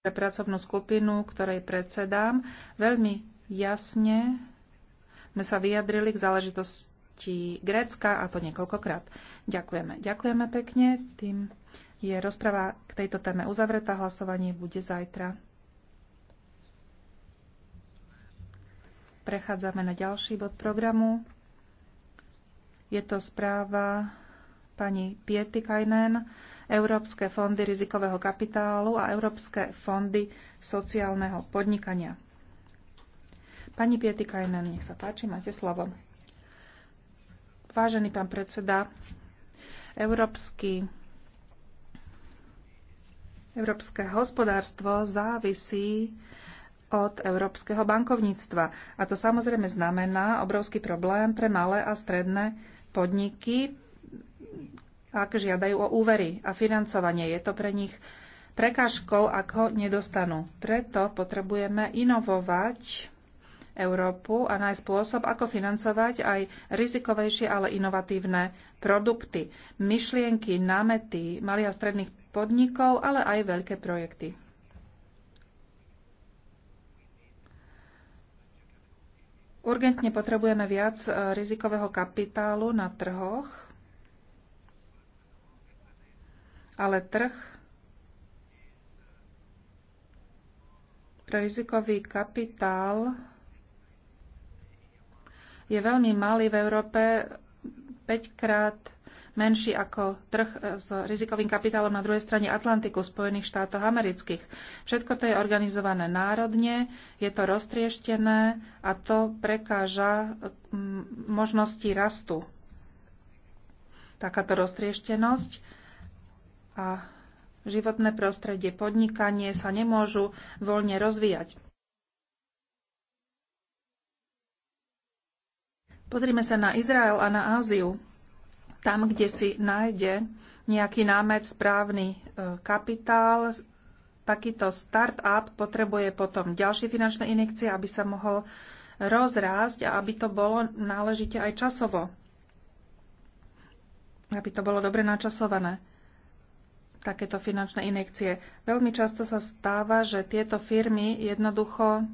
pre pracovnú skupinu, ktorej predsedám, veľmi jasne sme sa vyjadrili k záležitosti Grécka a to niekoľkokrát. Ďakujeme. Ďakujeme pekne. Tým je rozprava k tejto téme uzavretá. Hlasovanie bude zajtra. Prechádzame na ďalší bod programu. Je to správa pani Pietikainen, Európske fondy rizikového kapitálu a Európske fondy sociálneho podnikania. Pani Pietikainen, nech sa páči, máte slovo. Vážený pán predseda, Európsky Európske hospodárstvo závisí od európskeho bankovníctva. A to samozrejme znamená obrovský problém pre malé a stredné podniky, ak žiadajú o úvery a financovanie. Je to pre nich prekážkou, ak ho nedostanú. Preto potrebujeme inovovať Európu a nájsť spôsob, ako financovať aj rizikovejšie, ale inovatívne produkty, myšlienky, námety malých a stredných podnikov, ale aj veľké projekty. Urgentne potrebujeme viac eh, rizikového kapitálu na trhoch ale trh pre rizikový kapitál je veľmi malý v Európe, 5 krát menší ako trh s rizikovým kapitálom na druhej strane Atlantiku v Spojených štátoch amerických. Všetko to je organizované národne, je to roztrieštené a to prekáža mm, možnosti rastu. Takáto roztrieštenosť a životné prostredie, podnikanie sa nemôžu voľne rozvíjať. Pozrime sa na Izrael a na Áziu. Tam, kde si nájde nejaký námet správny e, kapitál, takýto start-up potrebuje potom ďalšie finančné inekcie, aby sa mohol rozrásť a aby to bolo náležite aj časovo. Aby to bolo dobre načasované takéto finančné inekcie. Veľmi často sa stáva, že tieto firmy jednoducho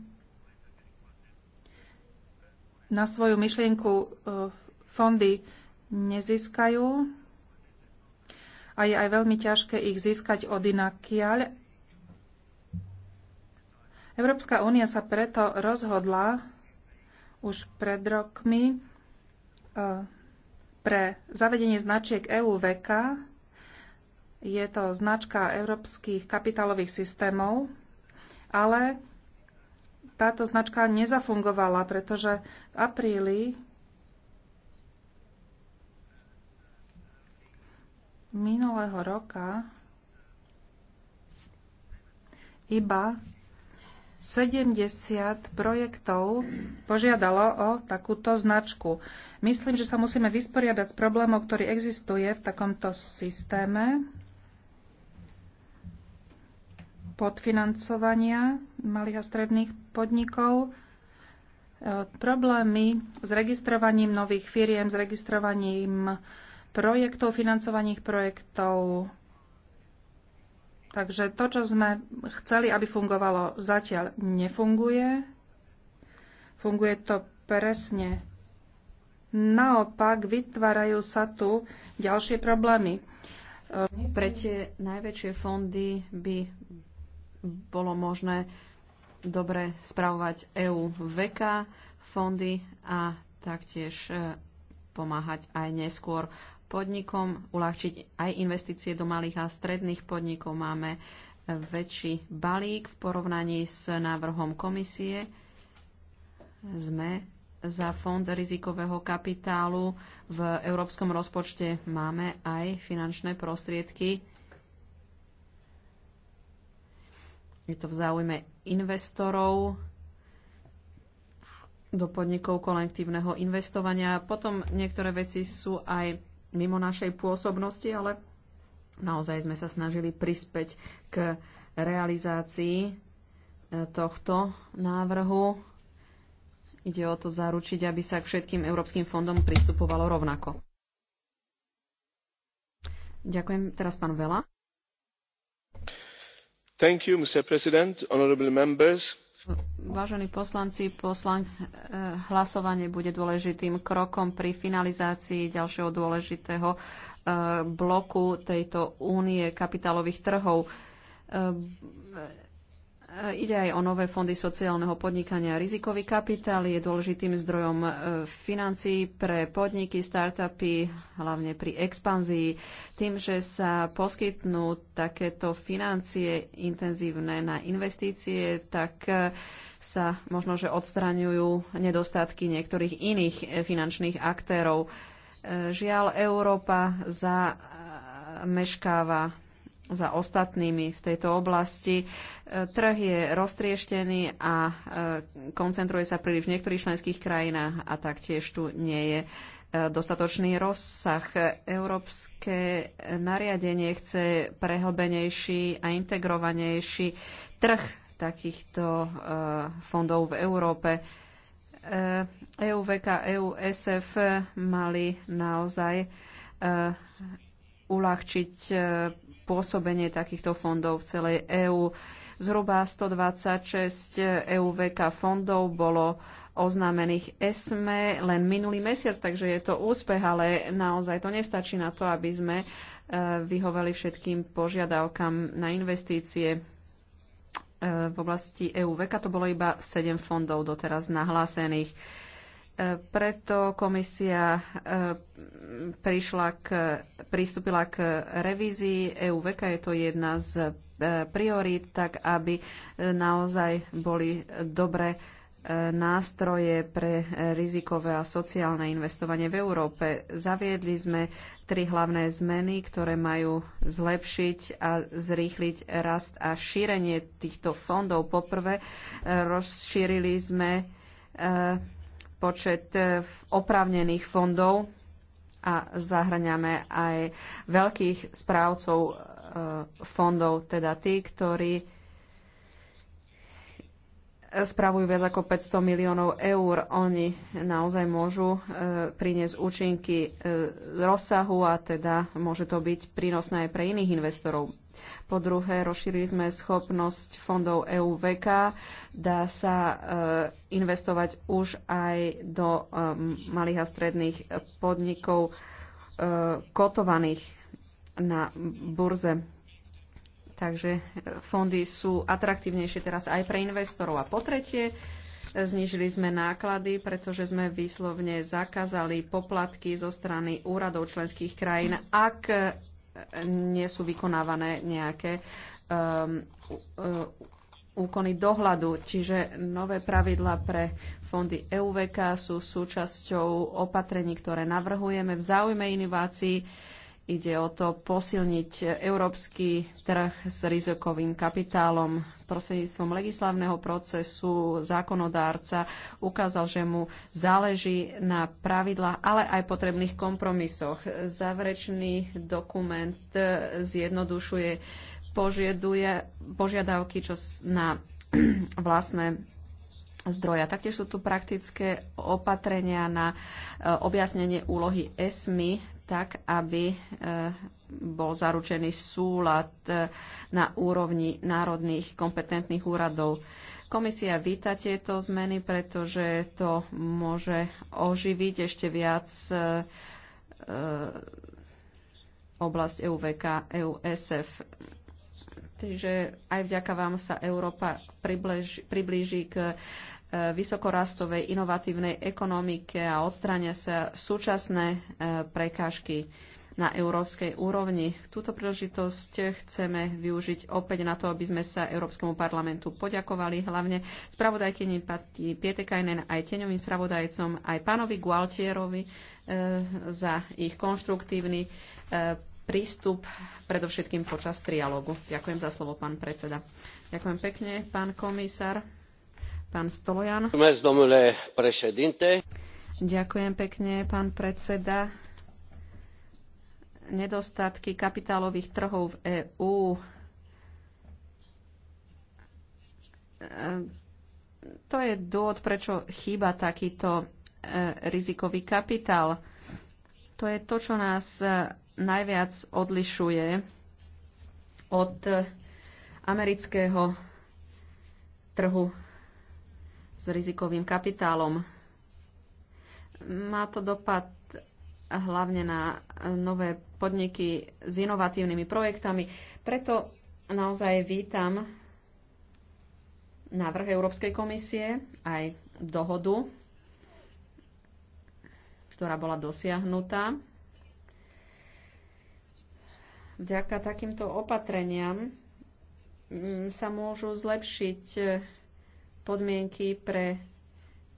na svoju myšlienku e, fondy nezískajú a je aj veľmi ťažké ich získať od inakiaľ. Európska únia sa preto rozhodla už pred rokmi e, pre zavedenie značiek EUVK je to značka európskych kapitálových systémov, ale táto značka nezafungovala, pretože v apríli minulého roka iba 70 projektov požiadalo o takúto značku. Myslím, že sa musíme vysporiadať s problémom, ktorý existuje v takomto systéme podfinancovania malých a stredných podnikov, e, problémy s registrovaním nových firiem, s registrovaním projektov, financovaných projektov. Takže to, čo sme chceli, aby fungovalo, zatiaľ nefunguje. Funguje to presne. Naopak vytvárajú sa tu ďalšie problémy. E, Pre tie najväčšie fondy by bolo možné dobre spravovať EU veka fondy a taktiež e, pomáhať aj neskôr podnikom, uľahčiť aj investície do malých a stredných podnikov. Máme e, väčší balík v porovnaní s návrhom komisie. Sme za fond rizikového kapitálu. V európskom rozpočte máme aj finančné prostriedky Je to v záujme investorov do podnikov kolektívneho investovania. Potom niektoré veci sú aj mimo našej pôsobnosti, ale naozaj sme sa snažili prispäť k realizácii e, tohto návrhu. Ide o to zaručiť, aby sa k všetkým európskym fondom pristupovalo rovnako. Ďakujem teraz pán Vela vážení poslanci eh, hlasovanie bude dôležitým krokom pri finalizácii ďalšieho dôležitého eh, bloku tejto únie kapitálových trhov eh, E, ide aj o nové fondy sociálneho podnikania. Rizikový kapitál je dôležitým zdrojom e, financií pre podniky, startupy, hlavne pri expanzii. Tým, že sa poskytnú takéto financie intenzívne na investície, tak e, sa možno, že odstraňujú nedostatky niektorých iných finančných aktérov. Žiaľ, Európa za meškáva za ostatnými v tejto oblasti. E, trh je roztrieštený a e, koncentruje sa príliš v niektorých členských krajinách a taktiež tu nie je e, dostatočný rozsah. Európske nariadenie chce prehlbenejší a integrovanejší trh takýchto fondov v Európe. EUVK a EUSF mali naozaj uľahčiť pôsobenie takýchto fondov v celej EÚ. Zhruba 126 EUVK fondov bolo oznámených ESME len minulý mesiac, takže je to úspech, ale naozaj to nestačí na to, aby sme e, vyhovali všetkým požiadavkám na investície e, v oblasti EUVK. To bolo iba 7 fondov doteraz nahlásených. Preto komisia eh, prišla k, pristúpila k revízii EUVK, je to jedna z eh, priorít, tak aby eh, naozaj boli dobré nástroje pre rizikové a sociálne investovanie v Európe. Zaviedli sme tri hlavné zmeny, ktoré majú zlepšiť a zrýchliť rast a šírenie týchto fondov. Poprvé, rozšírili sme počet e, oprávnených fondov a zahraňame aj veľkých správcov e, fondov, teda tí, ktorí spravujú viac ako 500 miliónov eur. Oni naozaj môžu e, priniesť účinky rozsahu a teda môže to byť prínosné aj pre iných investorov. Po druhé, rozšírili sme schopnosť fondov EUVK. Dá sa e, investovať už aj do e, malých a stredných podnikov e, kotovaných na burze. Takže fondy sú atraktívnejšie teraz aj pre investorov. A po tretie, Znížili sme náklady, pretože sme výslovne zakázali poplatky zo strany úradov členských krajín, ak nie sú vykonávané nejaké um, úkony dohľadu, čiže nové pravidla pre fondy EUVK sú súčasťou opatrení, ktoré navrhujeme v záujme inovácií Ide o to posilniť európsky trh s rizikovým kapitálom. Prostredníctvom legislavného procesu zákonodárca ukázal, že mu záleží na pravidlách, ale aj potrebných kompromisoch. Záverečný dokument zjednodušuje požiaduje, požiadavky čo na vlastné zdroja. Taktiež sú tu praktické opatrenia na e, objasnenie úlohy ESMI tak, aby e, bol zaručený súlad e, na úrovni národných kompetentných úradov. Komisia víta tieto zmeny, pretože to môže oživiť ešte viac e, oblasť EUVK, EUSF. Takže aj vďaka vám sa Európa priblíži, k vysokorastovej inovatívnej ekonomike a odstráňa sa súčasné e, prekážky na európskej úrovni. Túto príležitosť chceme využiť opäť na to, aby sme sa Európskemu parlamentu poďakovali, hlavne spravodajkyni Pati Pietekajnen, aj teňovým spravodajcom, aj pánovi Gualtierovi e, za ich konštruktívny e, prístup, predovšetkým počas trialógu. Ďakujem za slovo, pán predseda. Ďakujem pekne, pán komisár. Pán Stolojan. Ďakujem pekne, pán predseda. Nedostatky kapitálových trhov v EÚ e, to je dôvod, prečo chýba takýto e, rizikový kapitál. To je to, čo nás e, najviac odlišuje od amerického trhu s rizikovým kapitálom. Má to dopad hlavne na nové podniky s inovatívnymi projektami. Preto naozaj vítam návrh Európskej komisie aj dohodu, ktorá bola dosiahnutá. Vďaka takýmto opatreniam mm, sa môžu zlepšiť podmienky pre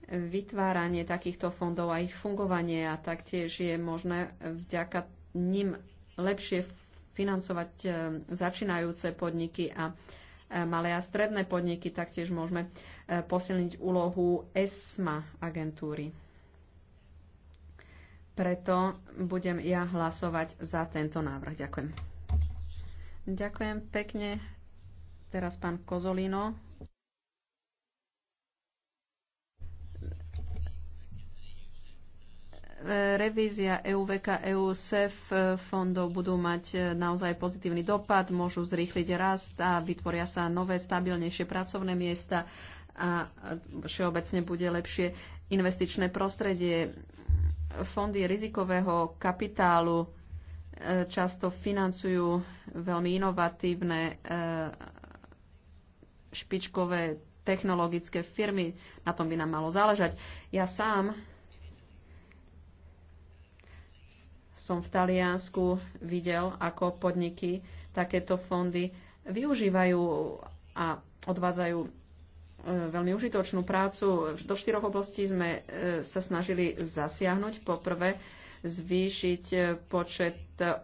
vytváranie takýchto fondov a ich fungovanie a taktiež je možné vďaka ním lepšie financovať e, začínajúce podniky a e, malé a stredné podniky, taktiež môžeme e, posilniť úlohu ESMA agentúry. Preto budem ja hlasovať za tento návrh. Ďakujem. Ďakujem pekne. Teraz pán Kozolino. revízia EUVK, EUSEF e, fondov budú mať e, naozaj pozitívny dopad, môžu zrýchliť rast a vytvoria sa nové, stabilnejšie pracovné miesta a všeobecne bude lepšie investičné prostredie. Fondy rizikového kapitálu e, často financujú veľmi inovatívne špičkové technologické firmy. Na tom by nám malo záležať. Ja sám som v Taliansku videl, ako podniky takéto fondy využívajú a odvádzajú e, veľmi užitočnú prácu. Do štyroch oblastí sme e, sa snažili zasiahnuť. Poprvé, zvýšiť e, počet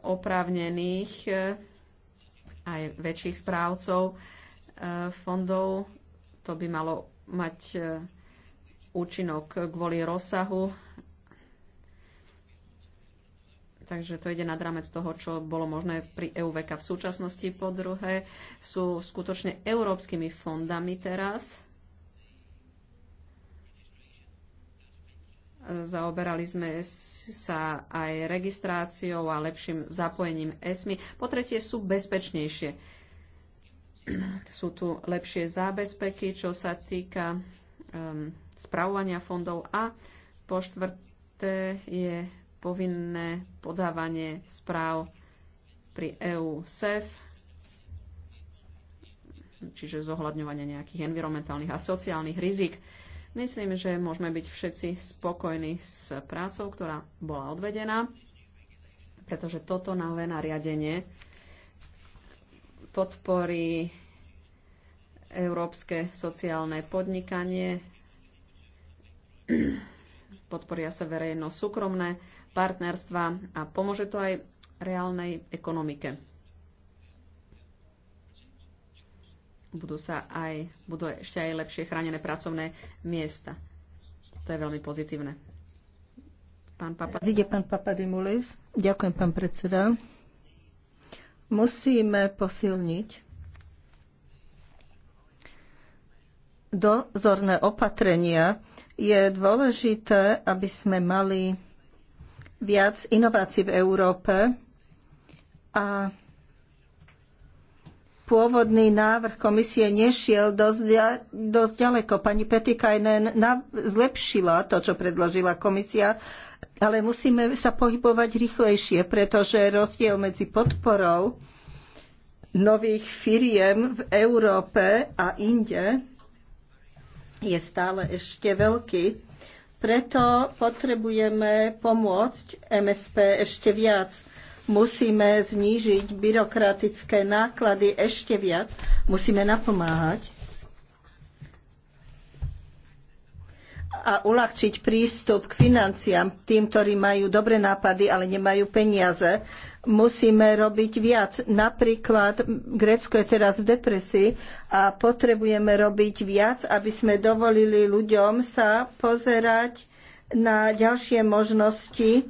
oprávnených aj väčších správcov fondov. To by malo mať účinok kvôli rozsahu Takže to ide nad rámec toho, čo bolo možné pri EUVK v súčasnosti. Po druhé, sú skutočne európskymi fondami teraz. Zaoberali sme sa aj registráciou a lepším zapojením ESMI. Po tretie, sú bezpečnejšie. Sú tu lepšie zábezpeky, čo sa týka um, spravovania fondov a po štvrté je povinné podávanie správ pri EU-SEF, čiže zohľadňovanie nejakých environmentálnych a sociálnych rizik. Myslím, že môžeme byť všetci spokojní s prácou, ktorá bola odvedená, pretože toto nové nariadenie podporí európske sociálne podnikanie, podporia sa verejno-súkromné partnerstva a pomôže to aj reálnej ekonomike. Budú, sa aj, budú ešte aj lepšie chránené pracovné miesta. To je veľmi pozitívne. Pán Papa... Zíde pán Dimulis. Ďakujem, pán predseda. Musíme posilniť dozorné opatrenia. Je dôležité, aby sme mali viac inovácií v Európe a pôvodný návrh komisie nešiel dosť, dosť ďaleko. Pani Petikajnen zlepšila to, čo predložila komisia, ale musíme sa pohybovať rýchlejšie, pretože rozdiel medzi podporou nových firiem v Európe a inde je stále ešte veľký preto potrebujeme pomôcť MSP ešte viac. Musíme znížiť byrokratické náklady ešte viac. Musíme napomáhať a uľahčiť prístup k financiám tým, ktorí majú dobré nápady, ale nemajú peniaze musíme robiť viac. Napríklad Grécko je teraz v depresii a potrebujeme robiť viac, aby sme dovolili ľuďom sa pozerať na ďalšie možnosti,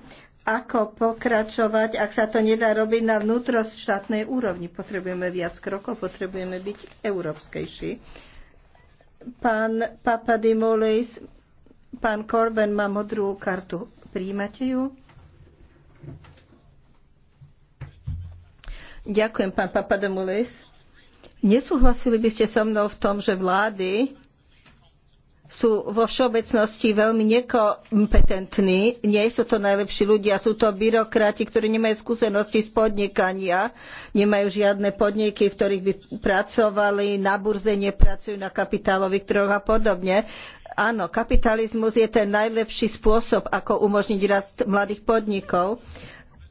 ako pokračovať, ak sa to nedá robiť na vnútroštátnej úrovni. Potrebujeme viac krokov, potrebujeme byť európskejší. Pán Papadimoulis, pán Corben má modrú kartu. Príjmate ju? Ďakujem, pán Papadomulis. Nesúhlasili by ste so mnou v tom, že vlády sú vo všeobecnosti veľmi nekompetentní, nie sú to najlepší ľudia, sú to byrokrati, ktorí nemajú skúsenosti z podnikania, nemajú žiadne podniky, v ktorých by pracovali, na burze nepracujú na kapitálových trhoch a podobne. Áno, kapitalizmus je ten najlepší spôsob, ako umožniť rast mladých podnikov.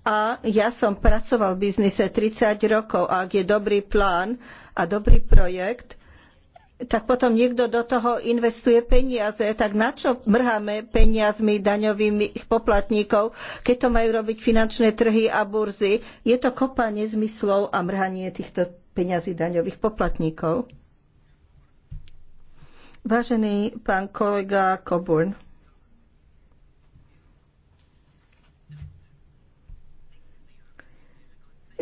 A ja som pracoval v biznise 30 rokov a ak je dobrý plán a dobrý projekt, tak potom niekto do toho investuje peniaze. Tak na čo mrháme peniazmi daňových poplatníkov, keď to majú robiť finančné trhy a burzy? Je to kopanie zmyslov a mrhanie týchto peňazí daňových poplatníkov. Vážený pán kolega Coburn,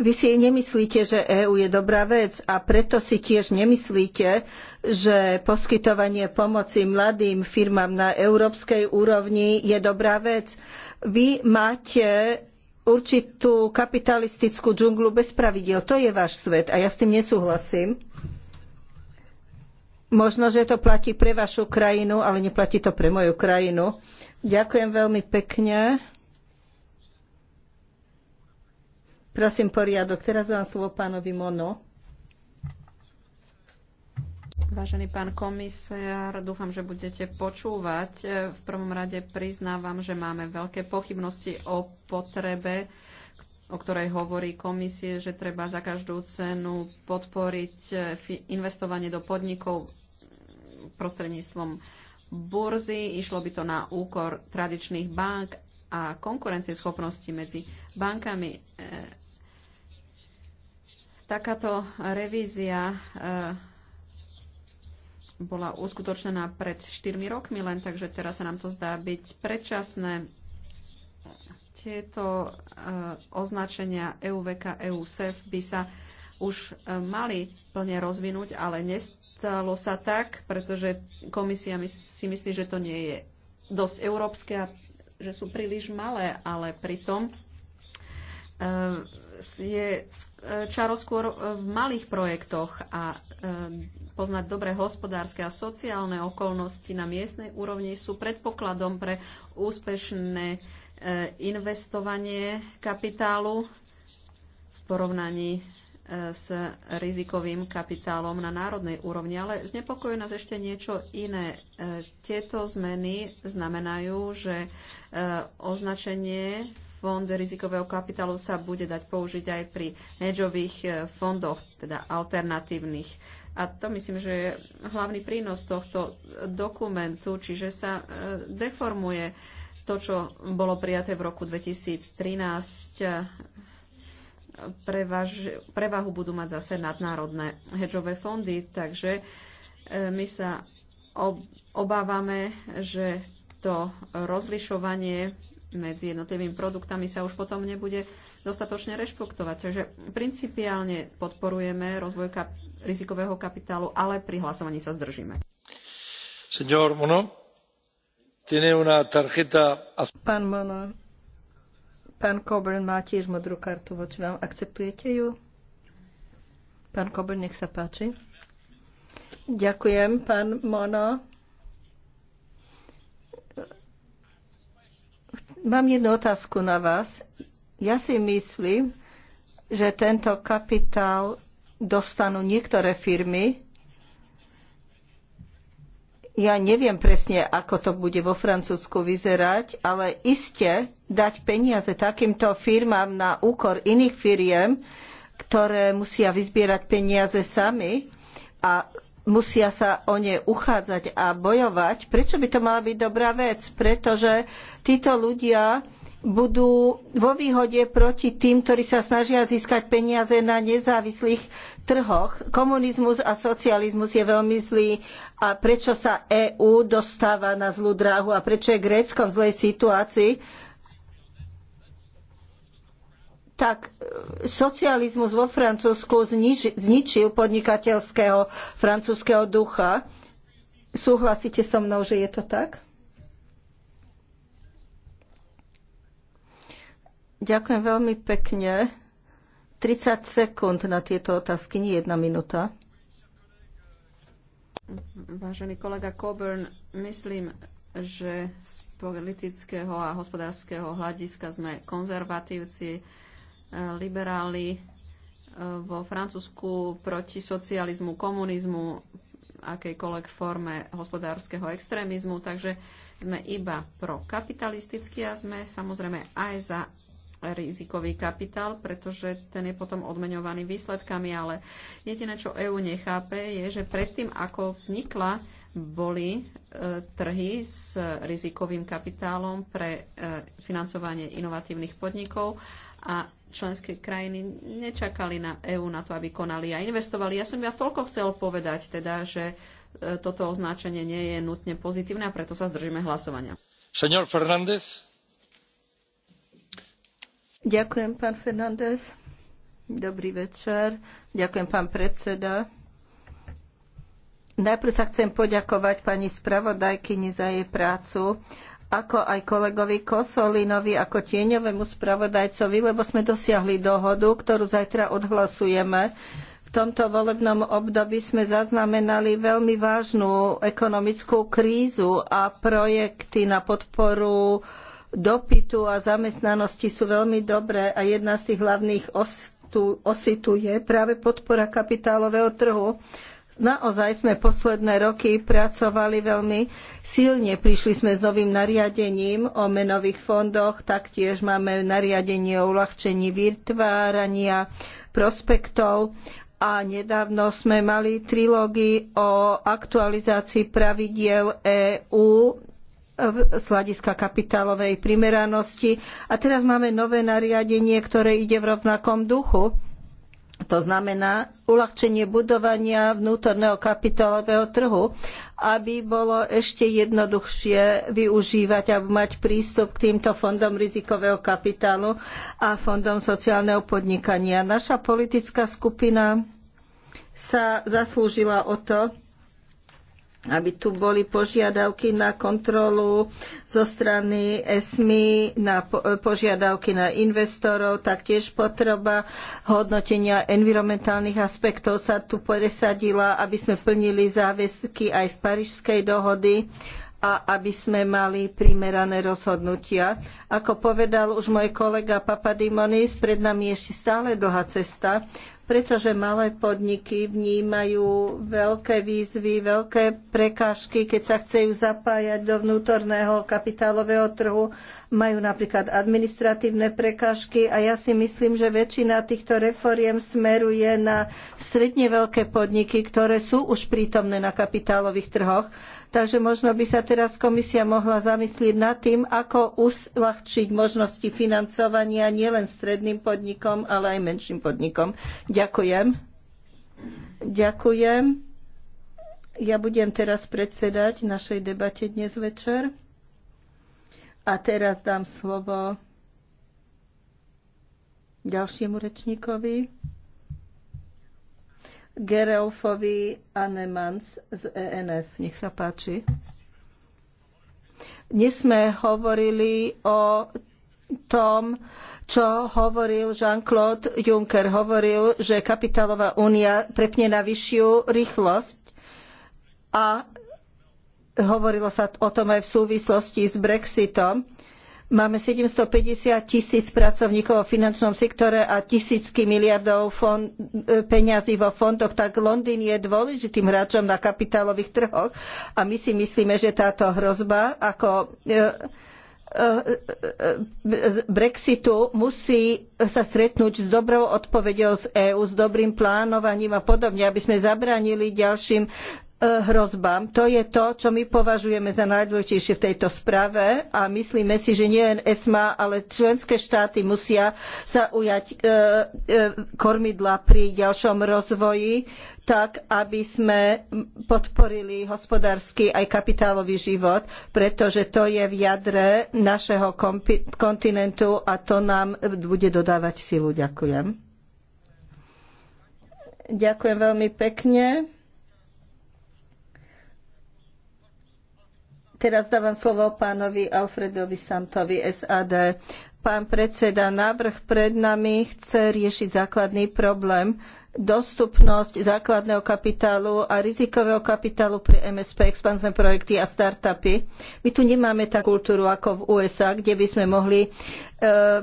Vy si nemyslíte, že EÚ je dobrá vec a preto si tiež nemyslíte, že poskytovanie pomoci mladým firmám na európskej úrovni je dobrá vec. Vy máte určitú kapitalistickú džunglu bez pravidiel. To je váš svet a ja s tým nesúhlasím. Možno, že to platí pre vašu krajinu, ale neplatí to pre moju krajinu. Ďakujem veľmi pekne. Prosím, poriadok. Teraz dám slovo pánovi Mono. Vážený pán komisár, dúfam, že budete počúvať. V prvom rade priznávam, že máme veľké pochybnosti o potrebe, o ktorej hovorí komisie, že treba za každú cenu podporiť investovanie do podnikov prostredníctvom burzy. Išlo by to na úkor tradičných bank a konkurencieschopnosti medzi bankami. E, takáto revízia e, bola uskutočnená pred 4 rokmi len, takže teraz sa nám to zdá byť predčasné. Tieto e, označenia EUVK, EUSEF by sa už mali plne rozvinúť, ale nestalo sa tak, pretože komisia si myslí, že to nie je dosť európske a že sú príliš malé, ale pritom e, je e, čaro skôr v malých projektoch a e, poznať dobré hospodárske a sociálne okolnosti na miestnej úrovni sú predpokladom pre úspešné investovanie kapitálu v porovnaní s rizikovým kapitálom na národnej úrovni. Ale znepokojuje nás ešte niečo iné. E, tieto zmeny znamenajú, že e, označenie fond rizikového kapitálu sa bude dať použiť aj pri hedžových e, fondoch, teda alternatívnych. A to myslím, že je hlavný prínos tohto dokumentu, čiže sa deformuje to, čo bolo prijaté v roku 2013 prevaž, prevahu budú mať zase nadnárodné hedžové fondy, takže e, my sa obávame, že to rozlišovanie medzi jednotlivými produktami sa už potom nebude dostatočne rešpektovať. Takže principiálne podporujeme rozvoj kap- rizikového kapitálu, ale pri hlasovaní sa zdržíme. Pán Mono, Pán Coburn má tiež modrú kartu voči vám. Akceptujete ju? Pán Coburn, nech sa páči. Ďakujem, pán Mono. Mám jednu otázku na vás. Ja si myslím, že tento kapitál dostanú niektoré firmy, ja neviem presne, ako to bude vo Francúzsku vyzerať, ale iste dať peniaze takýmto firmám na úkor iných firiem, ktoré musia vyzbierať peniaze sami a musia sa o ne uchádzať a bojovať. Prečo by to mala byť dobrá vec? Pretože títo ľudia budú vo výhode proti tým, ktorí sa snažia získať peniaze na nezávislých trhoch. Komunizmus a socializmus je veľmi zlý a prečo sa EÚ dostáva na zlú dráhu a prečo je Grécko v zlej situácii, tak e, socializmus vo Francúzsku zničil podnikateľského francúzskeho ducha. Súhlasíte so mnou, že je to tak? Ďakujem veľmi pekne. 30 sekúnd na tieto otázky, nie jedna minúta. Vážený kolega Coburn, myslím, že z politického a hospodárskeho hľadiska sme konzervatívci, eh, liberáli eh, vo Francúzsku proti socializmu, komunizmu, akejkoľvek forme hospodárskeho extrémizmu, takže sme iba pro kapitalistický a sme samozrejme aj za rizikový kapitál, pretože ten je potom odmeňovaný výsledkami, ale jediné, čo EÚ nechápe, je, že predtým, ako vznikla, boli e, trhy s rizikovým kapitálom pre e, financovanie inovatívnych podnikov a členské krajiny nečakali na EÚ na to, aby konali a investovali. Ja som ja toľko chcel povedať, teda, že e, toto označenie nie je nutne pozitívne a preto sa zdržíme hlasovania. Señor Fernández. Ďakujem, pán Fernández. Dobrý večer. Ďakujem, pán predseda. Najprv sa chcem poďakovať pani spravodajkyni za jej prácu, ako aj kolegovi Kosolinovi ako tieňovému spravodajcovi, lebo sme dosiahli dohodu, ktorú zajtra odhlasujeme. V tomto volebnom období sme zaznamenali veľmi vážnu ekonomickú krízu a projekty na podporu uh, dopytu a zamestnanosti sú veľmi dobré a jedna z tých hlavných os tu, je práve podpora kapitálového trhu. Naozaj sme posledné roky pracovali veľmi silne. Prišli sme s novým nariadením o menových fondoch, taktiež máme nariadenie o uľahčení vytvárania prospektov a nedávno sme mali trilógy o aktualizácii pravidiel EÚ z hľadiska kapitálovej primeranosti. A teraz máme nové nariadenie, ktoré ide v rovnakom duchu. To znamená uľahčenie budovania vnútorného kapitálového trhu, aby bolo ešte jednoduchšie využívať a mať prístup k týmto fondom rizikového kapitálu a fondom sociálneho podnikania. Naša politická skupina sa zaslúžila o to, aby tu boli požiadavky na kontrolu zo strany ESMI, na požiadavky na investorov, taktiež potreba hodnotenia environmentálnych aspektov sa tu presadila, aby sme plnili záväzky aj z Parížskej dohody a aby sme mali primerané rozhodnutia. Ako povedal už môj kolega Papadimonis, pred nami je ešte stále dlhá cesta, pretože malé podniky vnímajú veľké výzvy, veľké prekážky, keď sa chcú zapájať do vnútorného kapitálového trhu. Majú napríklad administratívne prekážky a ja si myslím, že väčšina týchto reforiem smeruje na stredne veľké podniky, ktoré sú už prítomné na kapitálových trhoch Takže možno by sa teraz komisia mohla zamyslieť nad tým, ako uľahčiť možnosti financovania nielen stredným podnikom, ale aj menším podnikom. Ďakujem. Ďakujem. Ja budem teraz predsedať našej debate dnes večer. A teraz dám slovo ďalšiemu rečníkovi. Gerolfovi Anemans z ENF. Nech sa páči. Dnes sme hovorili o tom, čo hovoril Jean-Claude Juncker. Hovoril, že kapitálová únia prepne na vyššiu rýchlosť a hovorilo sa o tom aj v súvislosti s Brexitom. Máme 750 tisíc pracovníkov vo finančnom sektore a tisícky miliardov fond, e, peňazí vo fondoch, tak Londýn je dôležitým hráčom na kapitálových trhoch a my si myslíme, že táto hrozba ako e, e, Brexitu musí sa stretnúť s dobrou odpoveďou z EÚ, s dobrým plánovaním a podobne, aby sme zabránili ďalším hrozbám. To je to, čo my považujeme za najdôležitejšie v tejto správe a myslíme si, že nie len ESMA, ale členské štáty musia sa ujať e, e, kormidla pri ďalšom rozvoji, tak aby sme podporili hospodársky aj kapitálový život, pretože to je v jadre našeho kontinentu a to nám bude dodávať silu. Ďakujem. Ďakujem veľmi pekne. Teraz dávam slovo pánovi Alfredovi Santovi SAD. Pán predseda, návrh pred nami chce riešiť základný problém, dostupnosť základného kapitálu a rizikového kapitálu pre MSP, expanzné projekty a startupy. My tu nemáme takú kultúru ako v USA, kde by sme mohli, eh,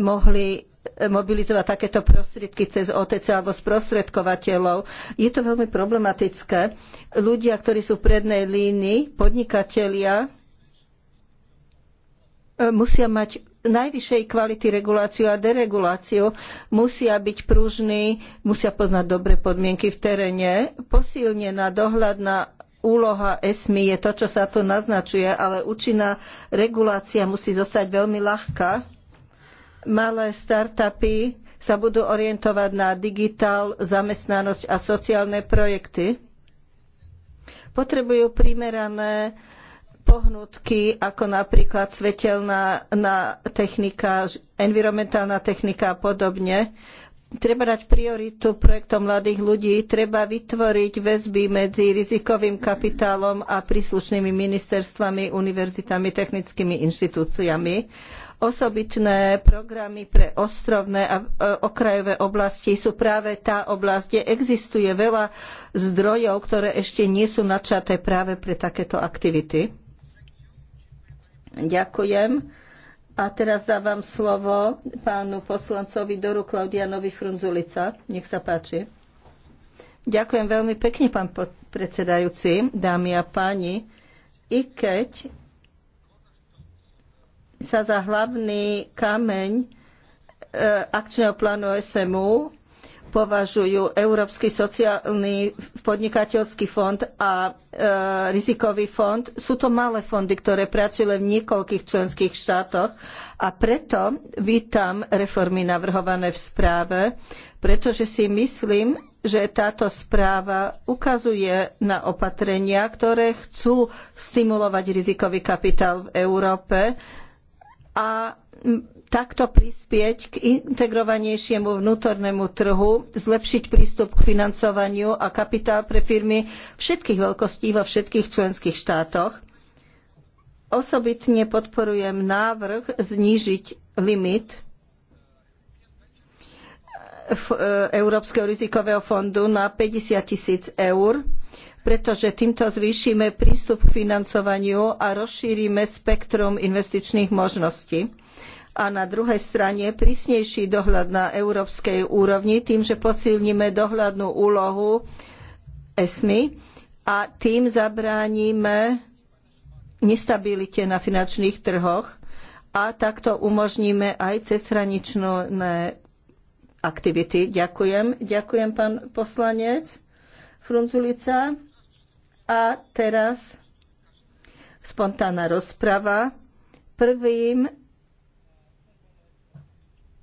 mohli mobilizovať takéto prostriedky cez OTC alebo sprostredkovateľov. Je to veľmi problematické. Ľudia, ktorí sú v prednej línii, podnikatelia, e, musia mať najvyššej kvality reguláciu a dereguláciu, musia byť pružní, musia poznať dobre podmienky v teréne. Posilnená dohľadná úloha ESMI je to, čo sa tu naznačuje, ale účinná regulácia musí zostať veľmi ľahká Malé startupy sa budú orientovať na digitál, zamestnanosť a sociálne projekty. Potrebujú primerané pohnutky, ako napríklad svetelná technika, environmentálna technika a podobne. Treba dať prioritu projektom mladých ľudí, treba vytvoriť väzby medzi rizikovým kapitálom a príslušnými ministerstvami, univerzitami, technickými inštitúciami. Osobitné programy pre ostrovné a e, okrajové oblasti sú práve tá oblasť, kde existuje veľa zdrojov, ktoré ešte nie sú načaté práve pre takéto aktivity. Ďakujem. A teraz dávam slovo pánu poslancovi Doru Klaudianovi Frunzulica. Nech sa páči. Ďakujem veľmi pekne, pán predsedajúci, dámy a páni. I keď sa za hlavný kameň e, akčného plánu SMU považujú Európsky sociálny podnikateľský fond a e, rizikový fond. Sú to malé fondy, ktoré pracujú len v niekoľkých členských štátoch a preto vítam reformy navrhované v správe, pretože si myslím, že táto správa ukazuje na opatrenia, ktoré chcú stimulovať rizikový kapitál v Európe, a takto prispieť k integrovanejšiemu vnútornému trhu, zlepšiť prístup k financovaniu a kapitál pre firmy všetkých veľkostí vo všetkých členských štátoch. Osobitne podporujem návrh znížiť limit e, Európskeho rizikového fondu na 50 tisíc eur pretože týmto zvýšime prístup k financovaniu a rozšírime spektrum investičných možností a na druhej strane prísnejší dohľad na európskej úrovni tým, že posilníme dohľadnú úlohu ESMI a tým zabránime nestabilite na finančných trhoch a takto umožníme aj cezhraničné aktivity. Ďakujem. Ďakujem, pán poslanec Frunzulica. A teraz spontánna rozprava. Prvým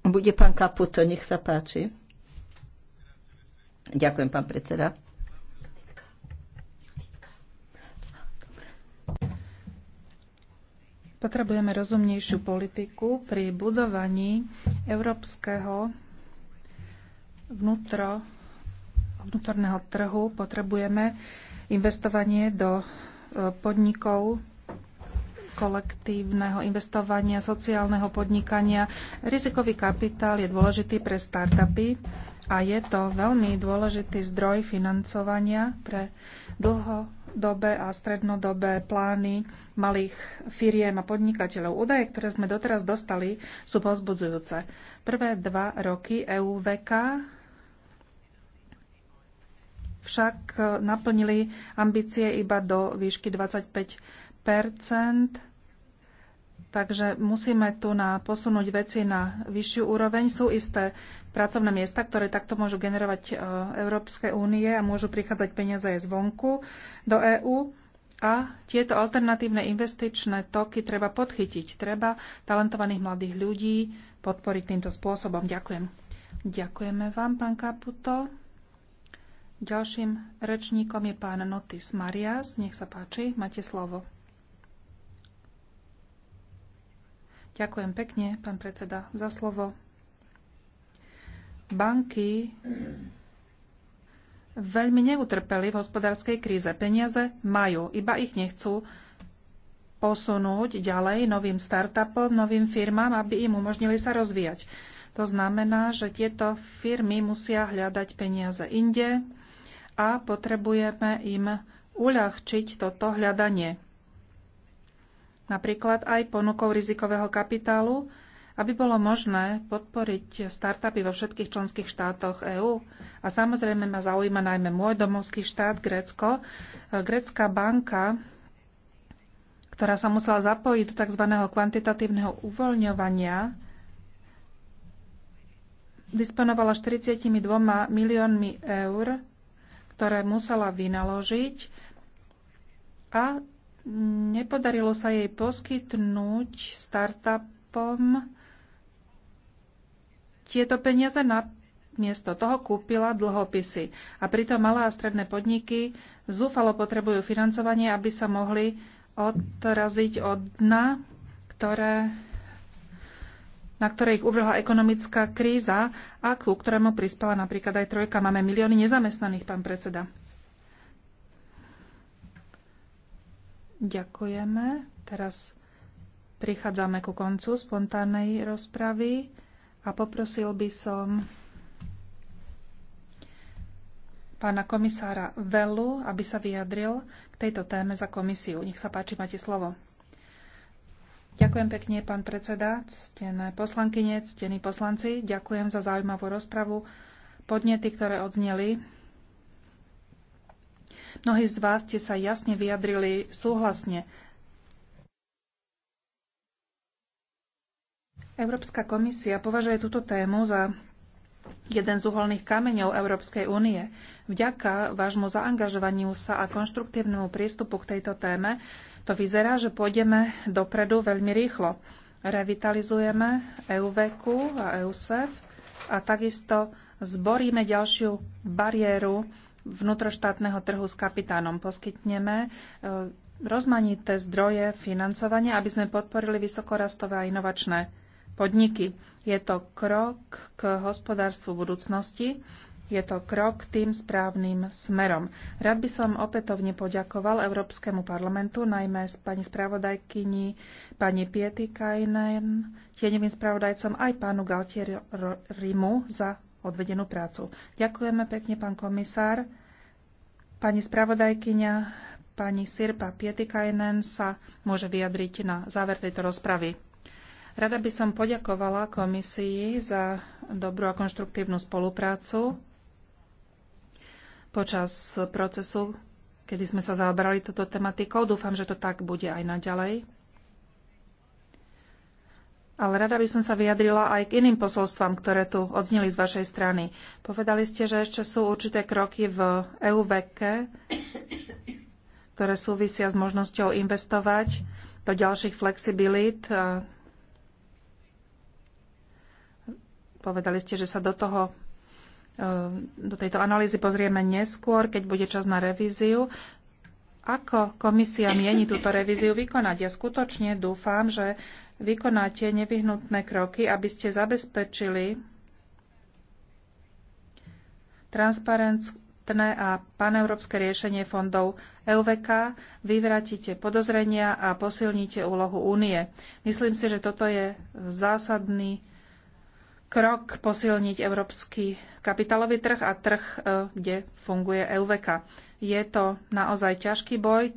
bude pán Kaputo, nech sa páči. Ďakujem, pán predseda. Potrebujeme rozumnejšiu politiku pri budovaní európskeho vnútro, vnútorného trhu. Potrebujeme investovanie do e, podnikov, kolektívneho investovania, sociálneho podnikania. Rizikový kapitál je dôležitý pre startupy a je to veľmi dôležitý zdroj financovania pre dlhodobé a strednodobé plány malých firiem a podnikateľov. Údaje, ktoré sme doteraz dostali, sú pozbudzujúce. Prvé dva roky EUVK však e, naplnili ambície iba do výšky 25 Takže musíme tu na posunúť veci na vyššiu úroveň. Sú isté pracovné miesta, ktoré takto môžu generovať e, Európske únie a môžu prichádzať peniaze aj zvonku do EÚ. A tieto alternatívne investičné toky treba podchytiť. Treba talentovaných mladých ľudí podporiť týmto spôsobom. Ďakujem. Ďakujeme vám, pán Kaputo. Ďalším rečníkom je pán Notis Marias. Nech sa páči, máte slovo. Ďakujem pekne, pán predseda, za slovo. Banky veľmi neutrpeli v hospodárskej kríze. Peniaze majú, iba ich nechcú posunúť ďalej novým startupom, novým firmám, aby im umožnili sa rozvíjať. To znamená, že tieto firmy musia hľadať peniaze inde, a potrebujeme im uľahčiť toto hľadanie. Napríklad aj ponukou rizikového kapitálu, aby bolo možné podporiť startupy vo všetkých členských štátoch EÚ. A samozrejme ma zaujíma najmä môj domovský štát, Grécko. Grécka banka, ktorá sa musela zapojiť do tzv. kvantitatívneho uvoľňovania, disponovala 42 miliónmi eur ktoré musela vynaložiť a nepodarilo sa jej poskytnúť startupom tieto peniaze na miesto toho kúpila dlhopisy. A pritom malé a stredné podniky zúfalo potrebujú financovanie, aby sa mohli odraziť od dna, ktoré na ktoré ich uvrhla ekonomická kríza a ku ktorému prispela napríklad aj trojka. Máme milióny nezamestnaných, pán predseda. Ďakujeme. Teraz prichádzame ku koncu spontánnej rozpravy a poprosil by som pána komisára Velu, aby sa vyjadril k tejto téme za komisiu. Nech sa páči, máte slovo. Ďakujem pekne, pán predseda, ctené poslankyne, ctení poslanci. Ďakujem za zaujímavú rozpravu, podnety, ktoré odzneli. Mnohí z vás ste sa jasne vyjadrili súhlasne. Európska komisia považuje túto tému za jeden z uholných kameňov Európskej únie. Vďaka vášmu zaangažovaniu sa a konštruktívnemu prístupu k tejto téme to vyzerá, že pôjdeme dopredu veľmi rýchlo. Revitalizujeme EUVQ a EUSEF a takisto zboríme ďalšiu bariéru vnútroštátneho trhu s kapitánom. Poskytneme e, rozmanité zdroje financovania, aby sme podporili vysokorastové a inovačné podniky. Je to krok k hospodárstvu budúcnosti, je to krok tým správnym smerom. Rád by som opätovne poďakoval Európskemu parlamentu, najmä s pani spravodajkyni, pani Piety Kajnen, tieňovým spravodajcom aj pánu Galtierimu za odvedenú prácu. Ďakujeme pekne, pán komisár. Pani spravodajkyňa, pani Sirpa Pietikainen sa môže vyjadriť na záver tejto rozpravy. Rada by som poďakovala komisii za dobrú a konštruktívnu spoluprácu počas procesu, kedy sme sa zaoberali toto tematikou. Dúfam, že to tak bude aj naďalej. Ale rada by som sa vyjadrila aj k iným posolstvám, ktoré tu odznili z vašej strany. Povedali ste, že ešte sú určité kroky v EU veke, ktoré súvisia s možnosťou investovať do ďalších flexibilít, Povedali ste, že sa do toho e, do tejto analýzy pozrieme neskôr, keď bude čas na revíziu. Ako komisia mieni túto revíziu vykonať? Ja skutočne dúfam, že vykonáte nevyhnutné kroky, aby ste zabezpečili transparentné a paneurópske riešenie fondov EUVK, vyvratíte podozrenia a posilníte úlohu únie. Myslím si, že toto je zásadný krok posilniť európsky kapitálový trh a trh, e, kde funguje EUVK. Je to naozaj ťažký boj,